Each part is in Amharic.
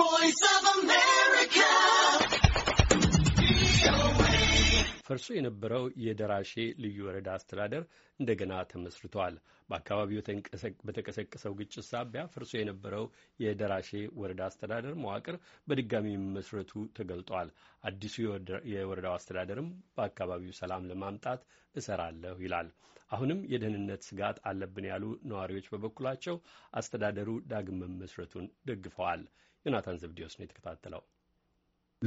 voice of America. ፈርሶ የነበረው የደራሼ ልዩ ወረዳ አስተዳደር እንደገና ተመስርቷል። በአካባቢው በተቀሰቀሰው ግጭት ሳቢያ ፈርሶ የነበረው የደራሼ ወረዳ አስተዳደር መዋቅር በድጋሚ መመስረቱ ተገልጧል። አዲሱ የወረዳው አስተዳደርም በአካባቢው ሰላም ለማምጣት እሰራለሁ ይላል። አሁንም የደህንነት ስጋት አለብን ያሉ ነዋሪዎች በበኩላቸው አስተዳደሩ ዳግም መመስረቱን ደግፈዋል። ዮናታን ዘብዲዮስ ነው የተከታተለው።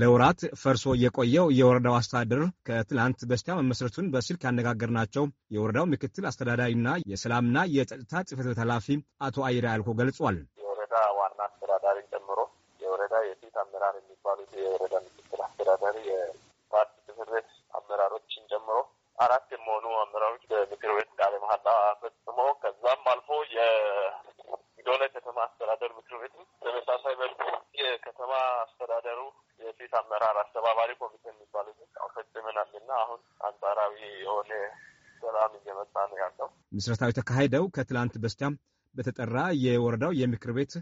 ለወራት ፈርሶ የቆየው የወረዳው አስተዳደር ከትላንት በስቲያ መመስረቱን በስልክ ያነጋገርናቸው የወረዳው ምክትል አስተዳዳሪና የሰላምና የጸጥታ ጽሕፈት ቤት ኃላፊ አቶ አይራ ያልኮ ገልጿል። የወረዳ ዋና አስተዳዳሪ ጨምሮ የወረዳ የፊት አመራር የሚባሉት የወረዳ ምክትል አስተዳዳሪ፣ የፓርቲ ጽሕፈት ቤት አመራሮችን ጨምሮ አራት የመሆኑ አመራሮች በምክር ቤት ቃለ መሃላ ፈጽሞ ከዛም አልፎ አመራር አስተባባሪ ኮሚቴ የሚባሉትን ፈጽመናል እና አሁን አንጻራዊ የሆነ ሰላም እየመጣ ነው ያለው። ምስረታዊ ተካሄደው ከትላንት በስቲያ በተጠራ የወረዳው የምክር ቤት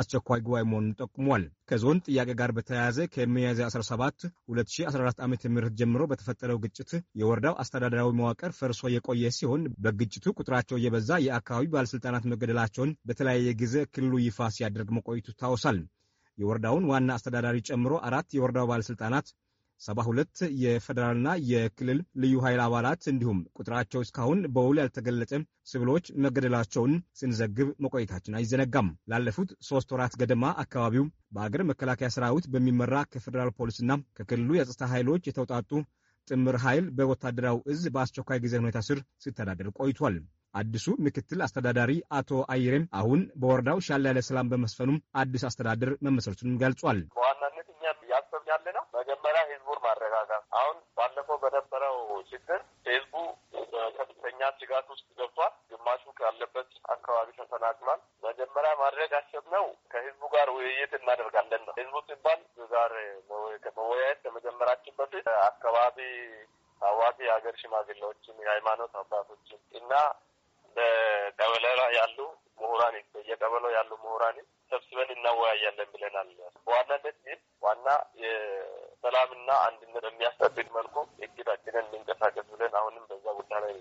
አስቸኳይ ጉባኤ መሆኑን ጠቁሟል። ከዞን ጥያቄ ጋር በተያያዘ ከሚያዝያ 17 2014 ዓ ም ጀምሮ በተፈጠረው ግጭት የወረዳው አስተዳደራዊ መዋቅር ፈርሶ የቆየ ሲሆን በግጭቱ ቁጥራቸው የበዛ የአካባቢ ባለሥልጣናት መገደላቸውን በተለያየ ጊዜ ክልሉ ይፋ ሲያደርግ መቆየቱ ይታወሳል። የወረዳውን ዋና አስተዳዳሪ ጨምሮ አራት የወረዳው ባለሥልጣናት ሰባ ሁለት የፌዴራልና የክልል ልዩ ኃይል አባላት እንዲሁም ቁጥራቸው እስካሁን በውል ያልተገለጸ ሲቪሎች መገደላቸውን ስንዘግብ መቆየታችን አይዘነጋም። ላለፉት ሶስት ወራት ገደማ አካባቢው በአገር መከላከያ ሰራዊት በሚመራ ከፌዴራል ፖሊስና ከክልሉ የጸጥታ ኃይሎች የተውጣጡ ጥምር ኃይል በወታደራዊ እዝ በአስቸኳይ ጊዜ ሁኔታ ስር ሲተዳደር ቆይቷል። አዲሱ ምክትል አስተዳዳሪ አቶ አይሬም አሁን በወረዳው ሻል ያለ ሰላም በመስፈኑም አዲስ አስተዳደር መመሰረቱን ገልጿል። በዋናነት እኛ እያሰብን ያለ ነው መጀመሪያ ህዝቡን ማረጋጋት። አሁን ባለፈው በነበረው ችግር ህዝቡ ከፍተኛ ስጋት ውስጥ ገብቷል። ግማሹ ካለበት አካባቢ ተፈናቅሏል። መጀመሪያ ማድረግ አሰብነው ከህዝቡ ጋር ውይይት እናደርጋለን ነው። ህዝቡ ሲባል ዛሬ ነው በፊት አካባቢ ታዋቂ የሀገር ሽማግሌዎችን፣ የሃይማኖት አባቶችን እና በቀበሌ ያሉ ምሁራን በየቀበሌው ያሉ ምሁራን ሰብስበን እናወያያለን ብለናል። በዋናነት ግን ዋና የሰላምና አንድነት የሚያስጠብቅ መልኩ እግዳችንን ልንቀሳቀስ ብለን አሁንም በዛ ጉዳይ ላይ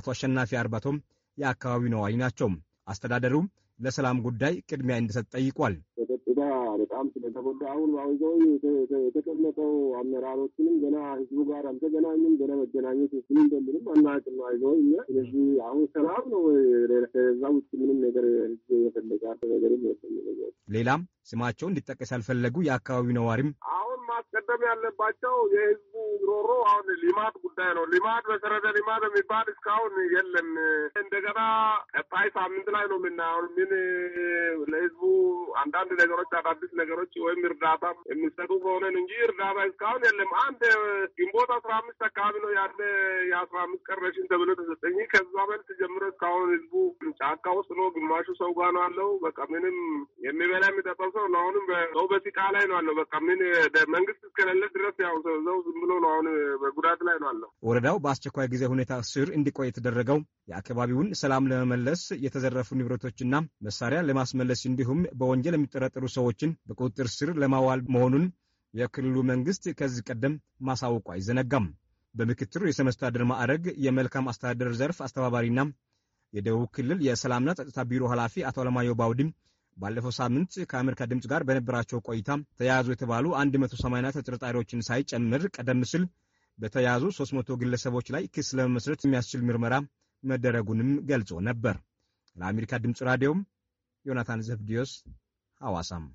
አቶ አሸናፊ አርባቶም የአካባቢው ነዋሪ ናቸው። አስተዳደሩ ለሰላም ጉዳይ ቅድሚያ እንዲሰጥ ጠይቋል። እዳ በጣም ስለተጎዳ አሁን አውዘው የተቀመጠው አመራሮችንም ገና ህዝቡ ጋር አልተገናኙም። ገና መገናኘት ስም እንደምንም አናውቅም። አይዞህ እኛ ስለዚህ አሁን ሰላም ነው። ከዛ ውጭ ምንም ነገር ህዝብ የፈለገ ነገር ሌላም ስማቸው እንዲጠቀስ ያልፈለጉ የአካባቢው ነዋሪም አሁን መቅደም ያለባቸው የህዝቡ ሮሮ አሁን ልማት ጉዳይ ነው። ልማት መሰረተ ልማት የሚባል እስካሁን የለም። እንደገና ቀጣይ ሳምንት ላይ ነው ምና አሁን ምን ለህዝቡ አንዳንድ ነገሮች አዳዲስ ነገሮች ወይም እርዳታ የሚሰጡ ከሆነን እንጂ እርዳታ እስካሁን የለም። አንድ ግንቦት አስራ አምስት አካባቢ ነው ያለ የአስራ አምስት ቀረሽን ተብሎ ተሰጠኝ። ከዛ መልስ ጀምሮ እስካሁን ህዝቡ ጫካ ውስጥ ነው፣ ግማሹ ሰው ጋ ነው ያለው። በቃ ምንም የሚበላ የሚጠጣው ሰው ነው። አሁንም ሰው በሲቃ ላይ ነው ያለው። በቃ ምን መንግስት እስከሌለ ድረስ ያው ሰው ዝም ብሎ ነው አሁን በጉዳት ላይ ነው አለው። ወረዳው በአስቸኳይ ጊዜ ሁኔታ ስር እንዲቆይ የተደረገው የአካባቢውን ሰላም ለመመለስ የተዘረፉ ንብረቶችና መሳሪያ ለማስመለስ እንዲሁም በወንጀል የሚጠረጠሩ ሰዎችን በቁጥጥር ስር ለማዋል መሆኑን የክልሉ መንግስት ከዚህ ቀደም ማሳወቁ አይዘነጋም። በምክትሉ ርዕሰ መስተዳድር ማዕረግ የመልካም አስተዳደር ዘርፍ አስተባባሪና የደቡብ ክልል የሰላምና ጸጥታ ቢሮ ኃላፊ አቶ አለማየሁ ባውድም ባለፈው ሳምንት ከአሜሪካ ድምፅ ጋር በነበራቸው ቆይታ ተያያዙ የተባሉ 180 ተጠርጣሪዎችን ሳይጨምር ቀደም ሲል በተያያዙ 300 ግለሰቦች ላይ ክስ ለመመስረት የሚያስችል ምርመራ መደረጉንም ገልጾ ነበር። ለአሜሪካ ድምፅ ራዲዮም ዮናታን ዘብዲዮስ ሐዋሳም